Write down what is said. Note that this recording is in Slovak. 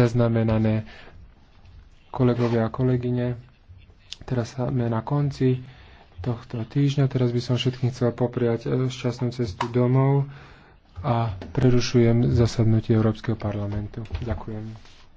zaznamenané. Kolegovia a kolegyne, teraz sme na konci tohto týždňa. Teraz by som všetkým chcel popriať eh, šťastnú cestu domov a prerušujem zasadnutie Európskeho parlamentu. Ďakujem.